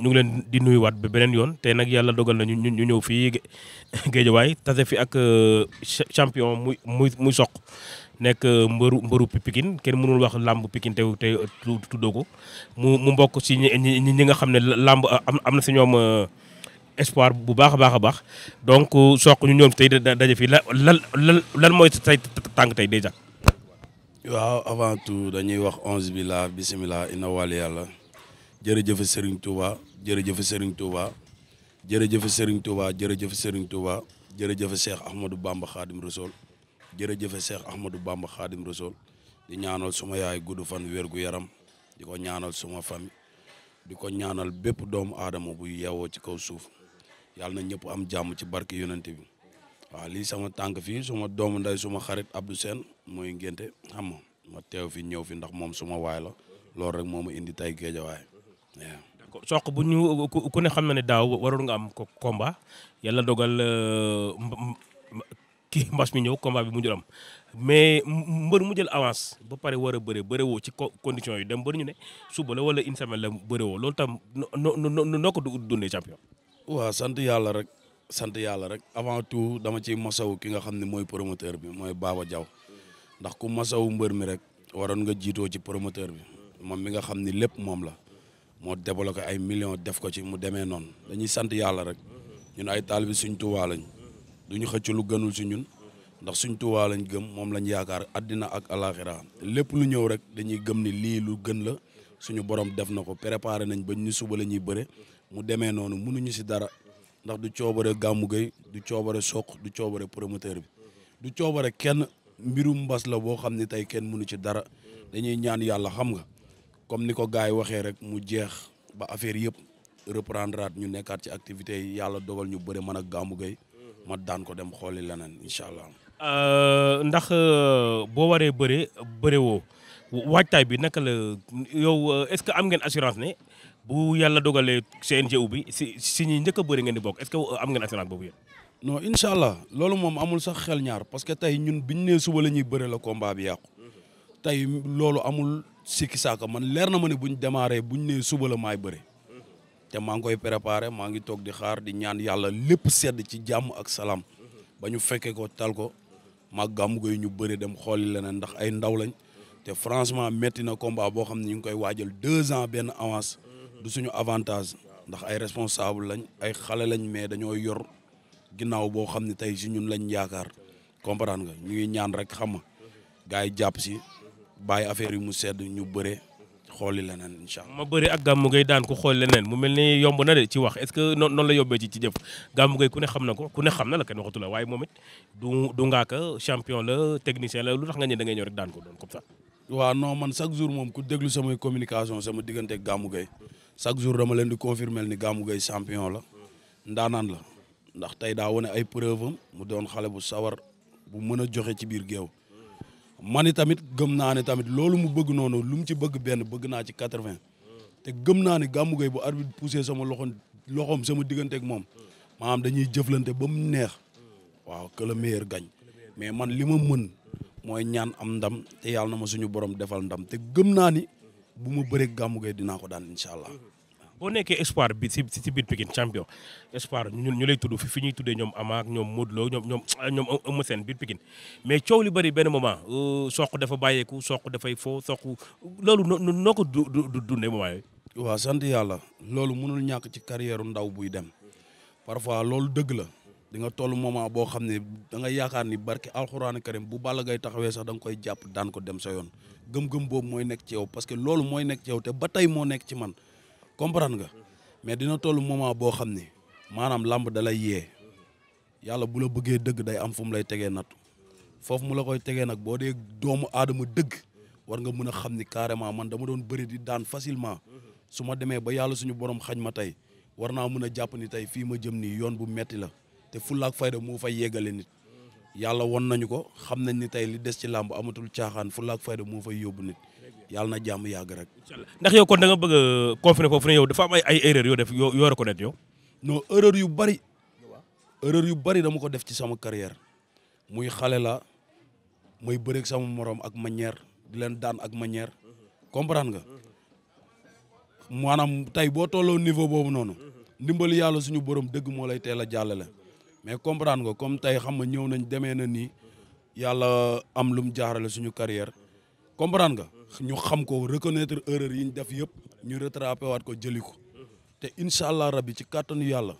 ñu ngi leen di nuyuwaat ba beneen yoon te nag yàlla dogal na ñu ñu ñëw fii géejawaay tase fi ak euh, champion muy muy muy soq nekk euh, mbëru mbëru Pikine kenn mënul wax làmb Pikine te te tuddoo ko mu mu mbokk si ñi ñi nga xam ne làmb euh, am am na si ñoom espoir bu baax a baax a baax donc soq ñu ñoom tey daje fii la lan lan lan mooy tey tàng tey déjà. waaw avant dañuy wax onze bi la bisimilah inna wàll yàlla jërëjëf Serigne Touba jërëjëf Serigne Touba jërëjëf Serigne Touba jërëjëf Serigne Touba jërëjëfe Cheikh Ahmadou Bamba Khadim Rassoul jërëjëfe Cheikh Ahmadou Bamba Khadim Rassoul di ñaanool suma yaay gudd fan wér gu yaram di ko ñaanal suma famille di ko ñaanal bépp doomu aadama bu yeewoo ci kaw suuf yàlla na ñëpp am jàmm ci barke yonente bi waa lii sama tànk fii suma doomu nday suma xarit Abdou Sène mooy ngénte xam ma teew fi ñëw fi ndax moom suma waay la loolu rek moo ma indi tey géejawaay soq bu ñu ko ne xam na ne daaw waroon nga am komba yàlla dogal euh, kii mbas mi ñëw combat bi mu am mais mbër mu jël avance ba pare war a bëre bëre woo ci condition yi dem bëri ñu ne suba la wala une semaine la bëre woo loolu tam noo noo ko dundee champion. waaw sant yàlla rek sant yàlla rek avant tout dama ciy masaw ki nga xam ne mooy promoteur bi mooy Baba jaw ndax ku masawu mbër mi rek waroon nga jiitoo ci promoteur bi moom mi nga xam ni lépp moom la. moo débloqué ay millions def ko ci mu demee noonu dañuy sant yàlla rek ñun ay taalibi suñ Tuubaa lañ du ñu xëcc lu gënul si ñun ndax suñ Tuubaa lañ gëm moom lañ yaakaar àddina ak alaxira lépp lu ñëw rek dañuy gëm ni lii lu gën la suñu borom def na ko préparé nañ ba ñu suba la ñuy bëre mu demee noonu munuñu si dara ndax du coobare Gamou Gueye du coobare soq du coobare promoteur bi du coobare kenn mbirum mbas la boo xam ni tey kenn mënu ci dara dañuy ñaan yàlla xam nga comme ni ko gars yi waxee rek mu jeex ba affaire yëpp reprendre ñu nekkaat ci activités yi yàlla dogal ñu bëre man ak Gamou Gueye ma daan ko dem xooli leneen incha allah. Euh, ndax euh, boo waree bëre bëre woo waajtaay bi naka la yow euh, est-ce que am ngeen assurance ne bu yàlla dogalee CNG bi si si ñi njëkk a bëri ngeen di bokk est-ce que am ngeen assurance boobu yéen. non incha allah loolu moom amul sax xel ñaar parce que tey ñun biñ nee suba la ñuy bëre la combat bi yàqu. Mhm. tey siki saaka man leer na ma ne bu ñu démarré bu ñu nee suba la maay bëre te maa ngi koy préparé maa ngi toog di xaar di ñaan yàlla lépp sedd ci jàmm ak salaam ba ñu fekkee ko tal ko maa gàmmu goy ñu bëri dem xooli leneen ndax ay ndaw lañ te franchement métti na combat boo xam ne ñu ngi koy waajal deux ans benn avance du suñu avantage ndax ay responsable lañ ay xale lañ mais dañoo yor ginnaaw boo xam ne tey si ñun lañ yaakaar comprendre nga ñu ngi ñaan rek xam nga gars yi jàpp si bàyyi affaire yi mu sedd ñu bëre xooli leneen incha allah. ma bëri ak gàmmu gay daan ko xool leneen mu mel ni yomb na de ci wax est-ce que noonu la yobbee ci ci jëf gàmmu gay ku ne xam na ko ku ne xam na la kenn waxatu la waaye moom it du du ngaaka champion la technicien la lu tax nga ne da ngay ñëw rek daan ko doon comme ça. waaw non man chaque jour moom ku déglu samay communication sama diggante ak gàmmu chaque jour dama leen di confirmer ni gàmmu gay champion la ndaanaan la ndax tey daa wane ay preuve am mu doon xale bu sawar bu mën a joxe ci biir géew. man tamit gëm naa ne tamit loolu mu bëgg noonu lu mu ci bëgg benn bëgg naa ci quatre-vingt te gëm naa ne Gamou Gueye bu arbitre poussé sama loxo loxoom sama diggante ak moom maanaam dañuy jëflante ba mu neex waaw que le meilleur man li ma mën mooy ñaan am ndam te yàlla na ma suñu borom defal ndam te gëm naa ni bu ma bëreeg Gamou Gueye dinaa ko daan incha allah. boo nekkee espoir bi si si biir Pikine champion espoir ñun ñu lay tudd fi fi ñuy tuddee ñoom Ama ak ñoom Modou Lo ñoom ñoom ñoom Eumeu Sène biir Pikine mais coow li bëri benn moment euh, soq dafa bàyyeeku soq dafay fo soq loolu noo ko du du dundee moment yooyu. waaw sant yàlla loolu mënul ñàkk ci carrière ndaw buy dem parfois loolu dëgg la di nga toll moment boo xam ne da nga yaakaar ni barke alxuraan karim bu Balla Gaye taxawee sax danga nga koy jàpp daan ko dem sa yoon gëm-gëm boobu mooy nekk ci yow parce que loolu mooy nekk ci yow te ba tey moo nekk ci man. comprendre nga mais dina toll moment boo xam ne maanaam làmb da lay yee yàlla bu la bëggee dëgg day am fu mu lay tegee nattu foofu mu la koy tegee nag boo dee doomu aadama dëgg war nga mun a xam ni carrément man dama doon bëri di daan facilement su ma demee ba yàlla suñu borom xañ ma tey war naa mun a jàpp ni tey fii ma jëm nii yoon bu metti la te fulla ak fayda moo fay yeggale nit yàlla won nañu ko xam nañ ni tey li des ci làmb amatul caaxaan fulla ak fayda moo fay yóbbu nit yàlla na jàmm yàgg rek. ndax yow kon da bëgg a confirmer foofu ne yow dafa am ay ay erreurs yoo def yoo yoo reconnaître yow. non erreur yu bari. erreur yu bari dama ko def ci sama carrière muy xale la muy bëreeg sama morom ak manière di leen daan ak manière comprendre nga maanaam tey boo tolloo niveau boobu noonu ndimbali yàlla suñu borom dëgg moo lay teel a jàllale mais comprendre nga comme tey xam nga ñëw nañ demee na nii yàlla am lu jaarale suñu carrière comprendre nga ñu xam ko reconnaître erreur yi ñu def yëpp ñu rattrapé waat ko jëli ko te incha allah rabbi ci kàttanu yàlla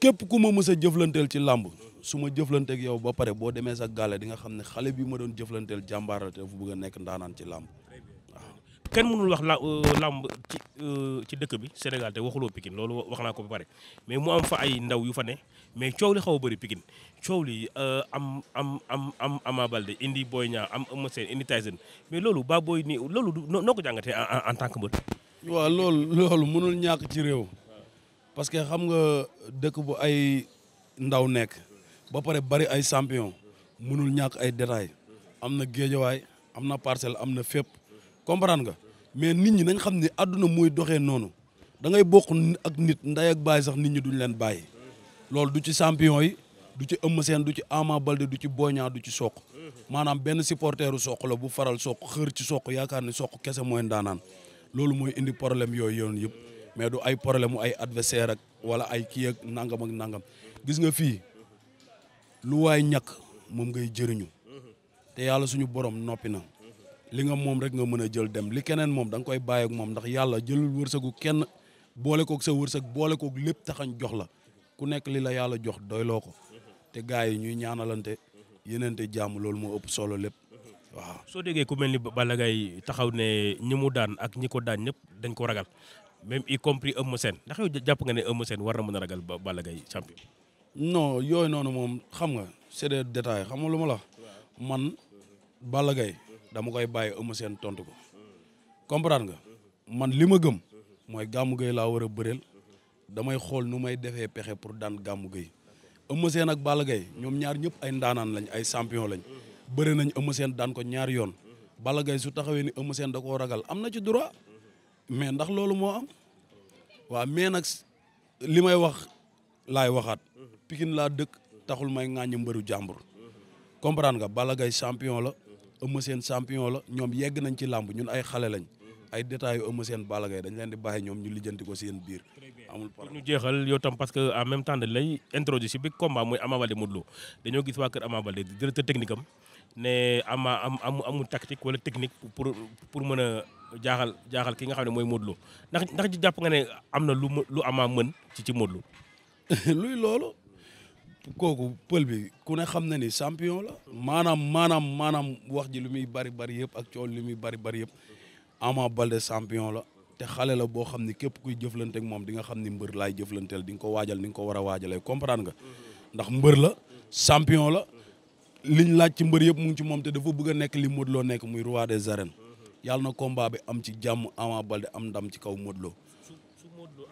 képp ku ma mës a ci làmb suma ma jëflanteeg yow ba pare boo demee sa gàlle di nga xam ne xale bi ma doon jëflanteel jàmbaar la te fu bëgg a nekk ndaanaan ci làmb kenn mënul wax la euh, làmb ci euh, ci dëkk bi Sénégal te waxuloo Pikine loolu wax naa ko ba pare mais mu am fa ay ndaw yu fa ne mais coow li xaw a bëri Pikine coow li euh, am am am am Ama indi Boy Niang am Eumeu Sène indi Tyson mais loolu ba booy nii loolu du noo ko jàngatee en tant que mbër. waaw loolu mënul ñàkk ci réew. parce que xam nga dëkk bu ay ndaw nekk. ba pare bari ay champion. mënul ñàkk ay détails. am na géejawaay am na parcelle am na fépp comprendre nga mais nit ñi nañ xam ne àdduna mooy doxee noonu da ngay bokk ak nit nday ak baay sax nit ñi duñ leen bàyyi loolu du ci champion yi du ci Eumeu Sène du ci Ama Baldé du ci Boy Niang du ci sook maanaam benn supporteru Sokh la bu faral Sokh xër ci Sokh yaakaar ne Sokh kese mooy ndaanaan loolu mooy indi problème yooyu yoonu yëpp mais du ay problème mu ay adversaire ak wala ay kii ak nangam nangam gis nga fii lu waay ñàkk moom ngay jëriñu te yàlla suñu borom noppi na. li nga moom rek nga mën a jël dem li keneen moom da nga koy bàyyi ak moom ndax yàlla jëlul wërsëgu kenn boole koog sa wërsëg boole koog lépp taxañ jox la ku nekk li la yàlla jox doyloo ko te gars yi ñuy ñaanalante yenente jàmm loolu moo ëpp solo lépp waaw. soo déggee ku mel ni Balla Gaye taxaw ne ñi mu daan ak ñi ko daan ñëpp dañ ko ragal même y compris am Sène ndax yow jàpp nga ne Eumeu Sène war na mën a ragal Balla Gaye champion. non yooyu noonu moom xam nga c'est des détails xam nga lu ma la man Balla Gaye dama koy bàyyi Eumeu Sène tontu ko comprendre nga man li ma gëm mooy Gamou Gueye laa war a bëreel damay xool nu may defee pexe pour daan Gamou Gueye Eumeu Sène ak Balla Gaye ñoom ñaar ñëpp ay ndaanaan lañ ay champion lañ bëri nañ Eumeu Sène daan ko ñaar yoon Balla su taxawee ni Eumeu Sène da koo ragal am na ci droit mais ndax loolu moo am waaw mais nag li may wax laay waxaat Pikine laa dëkk taxul may ŋàññi mbëru jàmbur comprendre nga Balla champion la Eumeu Sène champion la ñoom yegg nañ ci làmb ñun ay xale lañ ay détails yu Eumeu Sène leen di ñoom ñu lijjanti ko seen biir. amul pour ñu jeexal yow tam parce que en même temps dañ lay introduire si bi combat muy Ama Baldé Modou Lô dañoo gis waa kër technique am ne ama am amu amul wala technique pour pour mën a jaaxal jaaxal ki nga xam ne mooy Modou Lô ndax ndax jàpp nga ne am na lu lu Ama mën ci ci Modou Lô kooku pël bi ku ne xam na ni champion la. maanaam maanaam maanaam wax ji lu muy bari bari yëpp ak coow li muy bari bari yëpp Ama Baldé champion la te xale la boo xam ne képp kuy jëflante moom di nga xam ni mbër laay jëflanteel di nga ko waajal ni nga ko war a waajalee comprendre ga ndax mbër la champion la liñ laaj ci mbër yëpp mu ngi ci moom te dafa bëgg nekk li Modou nekk muy roi des arènes yàlla na combat bi am ci jàmm Ama Baldé am ndam ci kaw Modou Lo. su Modou Lo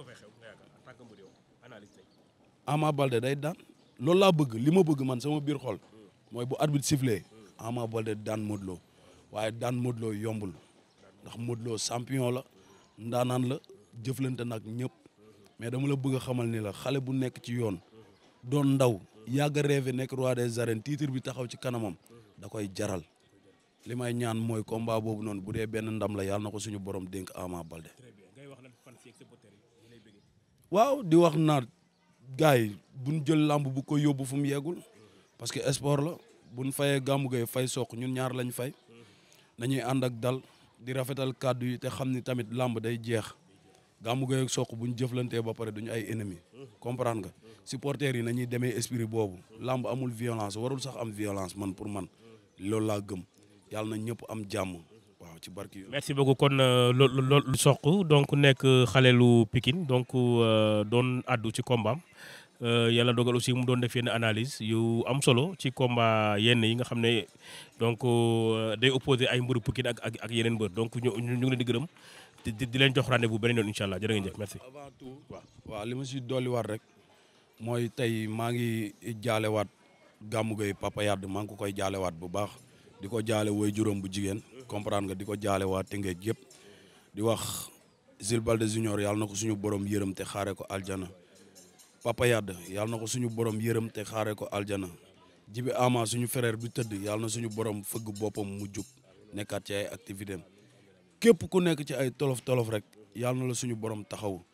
ak Ama Balde day daan loolu laa bëgg li ma bëgg man sama biir xol mooy bu arbitre sifflé Ama Balde daan Modou Lo waaye daan Modou yombul ndax Modou sampion la ndaanaan la jëflante nag ñëpp mais dama la bëgg xamal ni la xale bu nekk ci yoon doon ndaw yàgg a rêvé nekk roi des arènes titre bi taxaw ci kanamam da koy jaral li may ñaan mooy combat boobu noonu bu dee benn ndam la yàlla na ko suñu borom dénk Ama Balde. waaw di wax na gars yi buñ jël làmb bu ko yóbbu fu mu yeggul parce que sport la buñ fayee Gamou Gueye fay soq ñun ñaar lañ fay nañuy ànd ak dal di rafetal kàddu yi te xam ni tamit làmb day jeex Gamou Gueye ak soq buñ jëflantee ba pare duñ ay ennemi comprendre nga supporters yi na nañuy demee esprit boobu làmb amul violence warul sax am violence man pour man loolu laa gëm yàlla na ñëpp am jàmm ci barki merci beaucoup kon euh, loolu loolu soq donc nekk euh, lu pikin donc euh, doon addu ci kombaam yàlla dogal aussi mu doon def yenn analyse yu am solo ci combat yenn yi nga xam ne donc day opposé ay mbëru Pikine ak ak yeneen mbër donc ñu ñu ngi leen di gërëm di di leen jox rendez-vous beneen yoon incha allah jërë ngeen jëf merci. avant tout waaw li ma si dolliwaat rek mooy tey maa ngi jaalewaat gàmmu gay Papa Yade maa ngi ko koy jaalewaat bu baax. di ko jaale woy juróom bu jigéen comprendre nga di ko jaale waa Tëngéej yëpp di wax Jules Baldé Junior yàlla na ko suñu borom yërëm te xaare ko aljana Papa Yade yàlla na ko suñu borom yërëm te xaare ko aljana Jibi Ama suñu frère bi tëdd yàlla na suñu borom fëgg boppam mu jub nekkaat ci ay activité am képp ku nekk ci ay tolof tolof rek yàlla na la suñu borom taxaw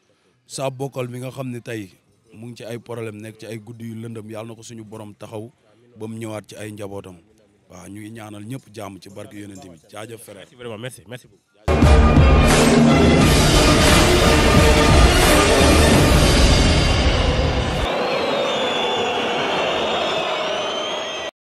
saa bokkal bi nga xam ne tey mu ngi ci ay problème nekk ci ay guddi yu lëndëm yàlla na ko suñu borom taxaw ba mu ñëwaat ci ay njabootam waaw ñu ngi ñaanal ñëpp jàmm ci barke yonent bi jaajëf frère. merci vraiment merci merci beaucoup.